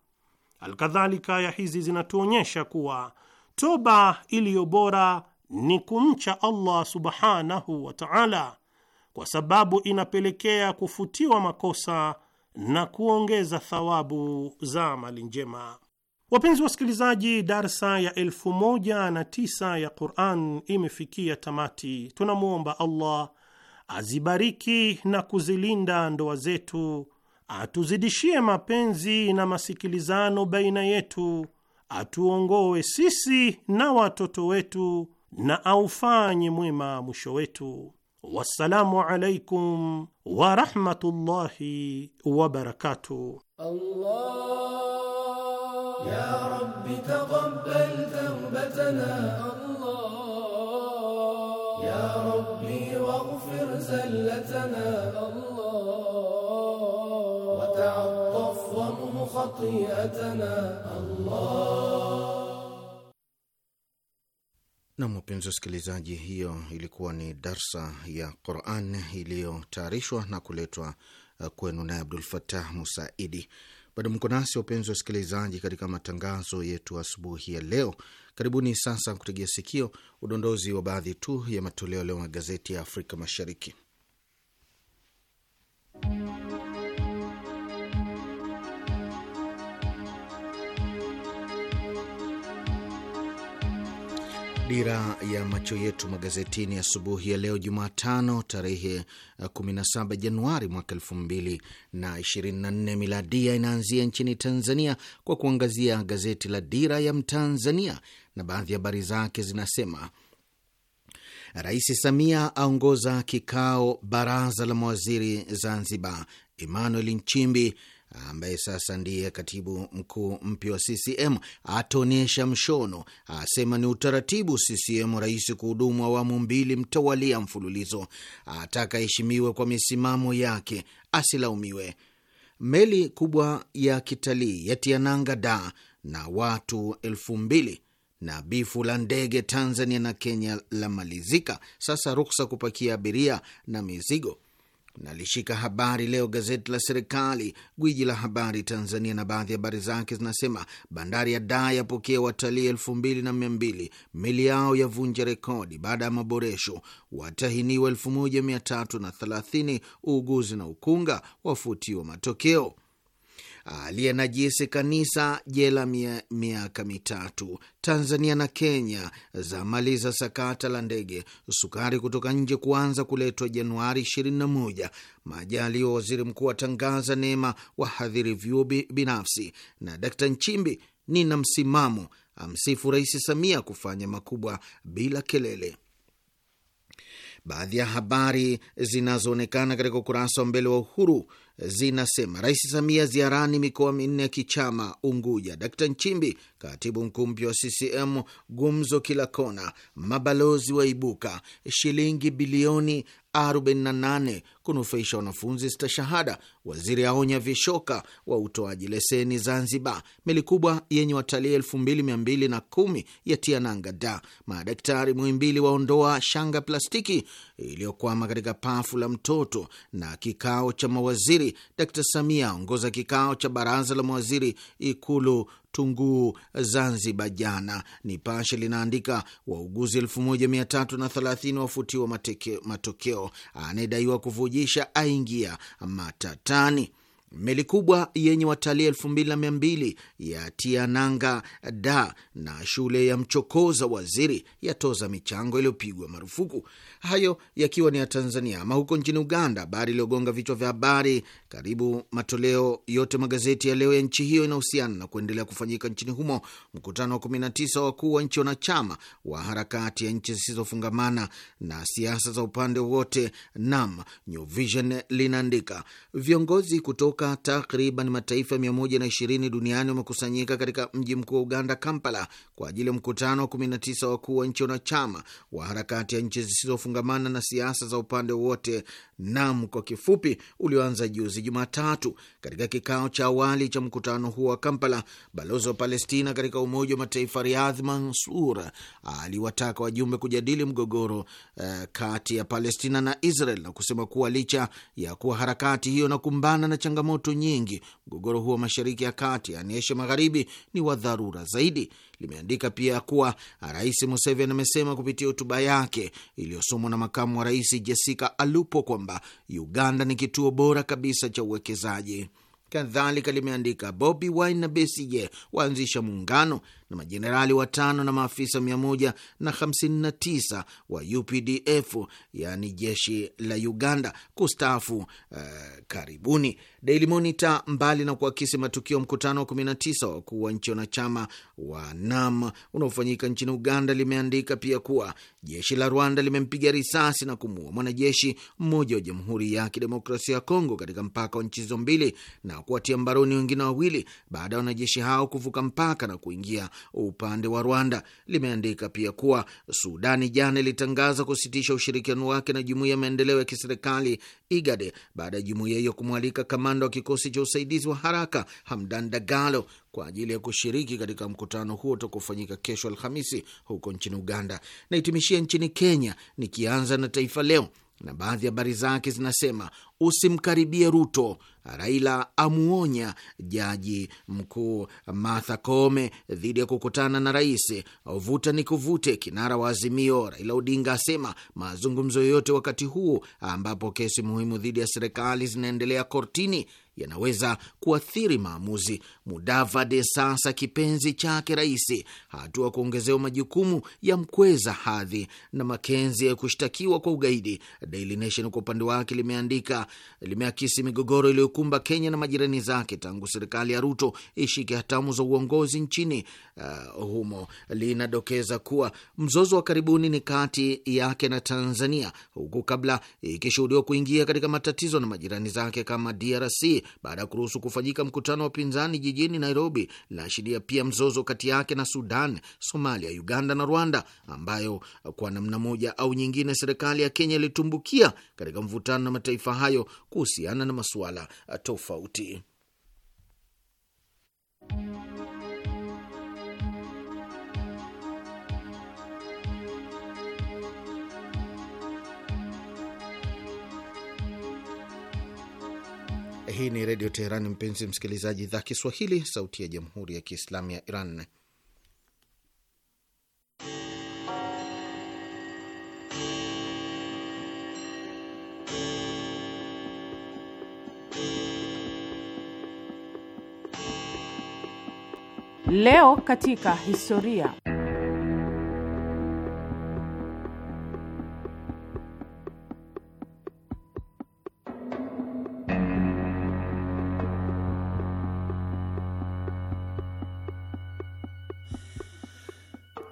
Alkadhalika, aya hizi zinatuonyesha kuwa toba iliyo bora ni kumcha Allah subhanahu wa ta'ala, kwa sababu inapelekea kufutiwa makosa na kuongeza thawabu za amali njema. Wapenzi wasikilizaji, darsa ya elfu moja na tisa ya Quran imefikia tamati. Tunamwomba Allah azibariki na kuzilinda ndoa zetu, atuzidishie mapenzi na masikilizano baina yetu, atuongoe sisi na watoto wetu, na aufanye mwema mwisho wetu. Wassalamu alaikum warahmatullahi wabarakatuh. Allah رب تقبل توبتنا الله يا ربي واغفر زلتنا الله وتعطف وامه خطيئتنا الله na mpenzi msikilizaji, hiyo ilikuwa ni darsa ya Quran iliyotayarishwa na kuletwa uh, kwenu naye Abdul Fattah Musaidi. Bado mko nasi wapenzi wa wasikilizaji, katika matangazo yetu asubuhi ya leo. Karibuni sasa kutegea sikio udondozi wa baadhi tu ya matoleo leo magazeti ya Afrika Mashariki. Dira ya macho yetu magazetini asubuhi ya, ya leo Jumatano tarehe 17 eh, Januari mwaka 224 miladia inaanzia nchini Tanzania kwa kuangazia gazeti la Dira ya Mtanzania na baadhi ya habari zake zinasema: Rais Samia aongoza kikao baraza la mawaziri Zanzibar. Emmanuel Nchimbi ambaye sasa ndiye katibu mkuu mpya wa CCM ataonyesha mshono, asema ni utaratibu CCM rais kuhudumu awamu mbili mtawalia mfululizo, ataka aheshimiwe kwa misimamo yake, asilaumiwe. Meli kubwa ya kitalii yatia nanga da na watu elfu mbili na bifu la ndege Tanzania na Kenya lamalizika. Sasa ruksa kupakia abiria na mizigo nalishika Habari Leo, gazeti la serikali, gwiji la habari Tanzania, na baadhi ya habari zake zinasema: bandari ya Daa yapokea watalii elfu mbili na mia mbili meli yao yavunja rekodi baada ya maboresho, watahiniwa elfu moja mia tatu na thelathini uuguzi na ukunga wafutiwa matokeo aliyenajisi kanisa jela miaka mitatu. Tanzania na Kenya zamaliza sakata la ndege. Sukari kutoka nje kuanza kuletwa Januari 21. Majaliwa waziri mkuu atangaza neema wahadhiri vyuo binafsi. Na d Nchimbi ni na msimamo, amsifu Rais Samia kufanya makubwa bila kelele. Baadhi ya habari zinazoonekana katika ukurasa wa mbele wa Uhuru zinasema Rais Samia ziarani mikoa minne ya kichama Unguja, Dkt Nchimbi katibu mkuu mpya wa CCM gumzo kila kona, mabalozi waibuka, shilingi bilioni 48 kunufaisha wanafunzi stashahada, waziri aonya vishoka wa utoaji leseni Zanzibar, meli kubwa yenye watalii 2210 yatia nanga Da, madaktari Muhimbili waondoa shanga plastiki iliyokwama katika pafu la mtoto, na kikao cha mawaziri Pili, Dkt Samia aongoza kikao cha baraza la mawaziri Ikulu Tunguu, Zanzibar jana. Nipashe linaandika wauguzi 1330 wafutiwa matokeo, anayedaiwa kuvujisha aingia matatani. Meli kubwa yenye watalii elfu mbili na mia mbili ya tiananga da na shule ya mchokoza waziri yatoza michango iliyopigwa marufuku. Hayo yakiwa ni ya Tanzania. Ama huko nchini Uganda, habari iliyogonga vichwa vya habari karibu matoleo yote magazeti ya leo ya nchi hiyo inahusiana na kuendelea kufanyika nchini humo mkutano wa 19 wakuu wa nchi wanachama wa harakati ya nchi zisizofungamana na siasa za upande wote, NAM. New Vision linaandika viongozi kutoka kutoka takriban mataifa 120 duniani wamekusanyika katika mji mkuu wa Uganda, Kampala, kwa ajili ya mkutano wa 19 wakuu wa nchi wanachama wa harakati ya nchi zisizofungamana na siasa za upande wote, NAM kwa kifupi, ulioanza juzi Jumatatu. Katika kikao cha awali cha mkutano huo wa Kampala, balozi wa Palestina katika Umoja wa Mataifa Riadh Mansur aliwataka wajumbe kujadili mgogoro uh, kati ya Palestina na Israel na kusema kuwa licha ya kuwa harakati hiyo na kumbana na changamoto changamoto nyingi, mgogoro huo mashariki ya kati, yani Asia Magharibi, ni wa dharura zaidi. Limeandika pia kuwa Rais Museveni amesema kupitia hotuba yake iliyosomwa na makamu wa rais Jessica Alupo kwamba Uganda ni kituo bora kabisa cha uwekezaji. Kadhalika limeandika Bobi Wine na Besigye waanzisha muungano na majenerali watano na maafisa 159 wa UPDF, yaani jeshi la Uganda, kustaafu uh, karibuni. Daily Monitor, mbali na kuakisi matukio mkutano wa 19 wakuu wa nchi wanachama wa NAM unaofanyika nchini Uganda, limeandika pia kuwa jeshi la Rwanda limempiga risasi na kumuua mwanajeshi mmoja wa Jamhuri ya Kidemokrasia ya Kongo katika mpaka wa nchi hizo mbili na kuwatia mbaroni wengine wawili baada ya wanajeshi hao kuvuka mpaka na kuingia upande wa Rwanda. Limeandika pia kuwa Sudani jana ilitangaza kusitisha ushirikiano wake na jumuiya ya maendeleo ya kiserikali IGADE baada ya jumuiya hiyo kumwalika kamanda wa kikosi cha usaidizi wa haraka Hamdan Dagalo kwa ajili ya kushiriki katika mkutano huo utakaofanyika kesho Alhamisi huko nchini Uganda. Naitimishia nchini Kenya, nikianza na Taifa Leo na baadhi ya habari zake zinasema: usimkaribie Ruto, Raila amuonya jaji mkuu Martha Koome dhidi ya kukutana na rais. Vuta ni kuvute, kinara wa Azimio Raila Odinga asema mazungumzo yoyote wakati huu ambapo kesi muhimu dhidi ya serikali zinaendelea kortini yanaweza kuathiri maamuzi. Mudavade sasa kipenzi chake rais, hatua kuongezewa majukumu ya mkweza hadhi na Makenzi ya kushtakiwa kwa ugaidi. Daily Nation kwa upande wake limeandika, limeakisi migogoro iliyokumba Kenya na majirani zake tangu serikali ya Ruto ishike hatamu za uongozi nchini uh, humo. Linadokeza kuwa mzozo wa karibuni ni kati yake na Tanzania, huku kabla ikishuhudiwa kuingia katika matatizo na majirani zake kama DRC baada ya kuruhusu kufanyika mkutano wa upinzani jijini Nairobi linaashiria pia mzozo kati yake na Sudan, Somalia, Uganda na Rwanda, ambayo kwa namna moja au nyingine serikali ya Kenya ilitumbukia katika mvutano na mataifa hayo kuhusiana na masuala tofauti. Hii ni Redio Teherani, mpenzi msikilizaji, idhaa Kiswahili, sauti ya Jamhuri ya Kiislamu ya Iran. Leo katika historia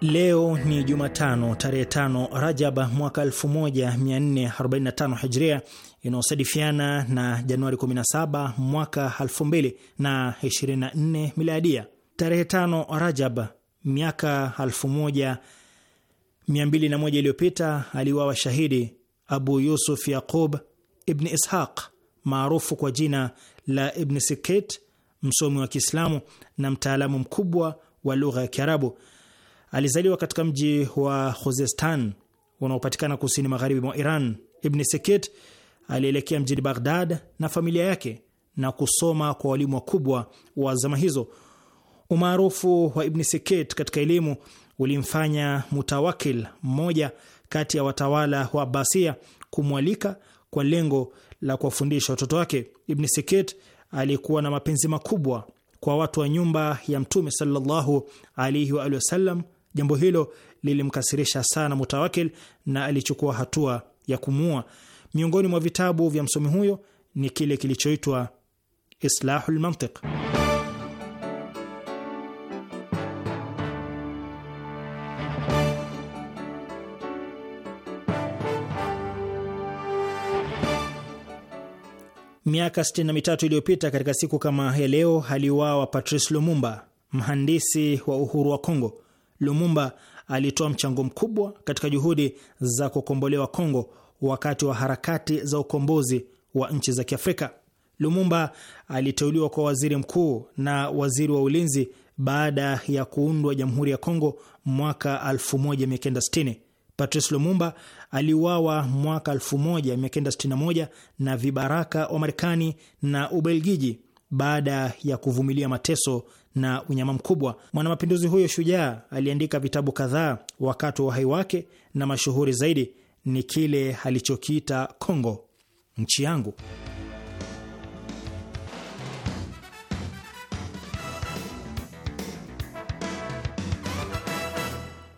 Leo ni Jumatano tarehe tano rajab mwaka 1445 Hijria inayosadifiana na Januari 17 mwaka 2024 Miladia. Tarehe tano Rajab miaka 1201 iliyopita aliuawa shahidi Abu Yusuf Yaqub Ibni Ishaq maarufu kwa jina la Ibni Sikit, msomi wa Kiislamu na mtaalamu mkubwa wa lugha ya Kiarabu. Alizaliwa katika mji wa Khuzestan unaopatikana kusini magharibi mwa Iran. Ibni Sekit alielekea mjini Baghdad na familia yake na kusoma kwa walimu wakubwa wa zama hizo. Umaarufu wa Ibni Sekit katika elimu ulimfanya Mutawakil, mmoja kati ya watawala wa abasia kumwalika kwa lengo la kuwafundisha watoto wake. Ibni Sekit alikuwa na mapenzi makubwa kwa watu wa nyumba ya Mtume sallallahu alaihi wa alihi wasallam Jambo hilo lilimkasirisha sana Mutawakil na alichukua hatua ya kumuua. Miongoni mwa vitabu vya msomi huyo ni kile kilichoitwa Islahul Mantiq. Miaka 63 iliyopita katika siku kama ya leo aliuawa Patrice Lumumba, mhandisi wa uhuru wa Kongo. Lumumba alitoa mchango mkubwa katika juhudi za kukombolewa Kongo wakati wa harakati za ukombozi wa nchi za Kiafrika. Lumumba aliteuliwa kwa waziri mkuu na waziri wa ulinzi baada ya kuundwa Jamhuri ya Kongo mwaka 1960. Patrice Lumumba aliuawa mwaka 1961 na vibaraka wa Marekani na Ubelgiji baada ya kuvumilia mateso na unyama mkubwa. Mwanamapinduzi huyo shujaa aliandika vitabu kadhaa wakati wa uhai wake, na mashuhuri zaidi ni kile alichokiita Kongo nchi yangu.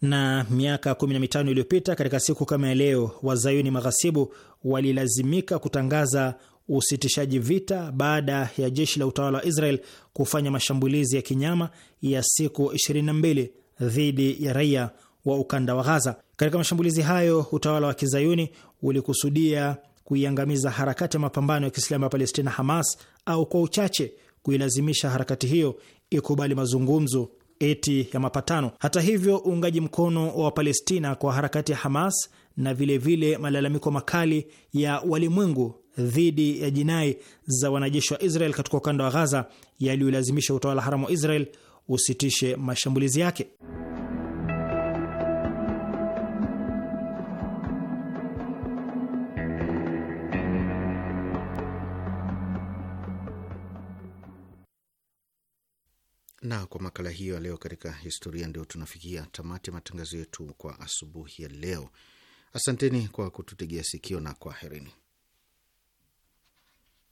na miaka 15 iliyopita katika siku kama ya leo, wazayuni maghasibu walilazimika kutangaza usitishaji vita baada ya jeshi la utawala wa Israel kufanya mashambulizi ya kinyama ya siku 22 dhidi ya raia wa ukanda wa Ghaza. Katika mashambulizi hayo, utawala wa kizayuni ulikusudia kuiangamiza harakati ya mapambano ya Kiislamu ya Palestina, Hamas, au kwa uchache kuilazimisha harakati hiyo ikubali mazungumzo eti ya mapatano. Hata hivyo, uungaji mkono wa Palestina kwa harakati ya Hamas na vilevile vile malalamiko makali ya walimwengu dhidi ya jinai za wanajeshi wa Israel katika ukanda wa Ghaza yaliolazimisha utawala haramu wa Israel usitishe mashambulizi yake. Na kwa makala hiyo ya leo katika historia, ndio tunafikia tamati matangazo yetu kwa asubuhi ya leo. Asanteni kwa kututegea sikio na kwaherini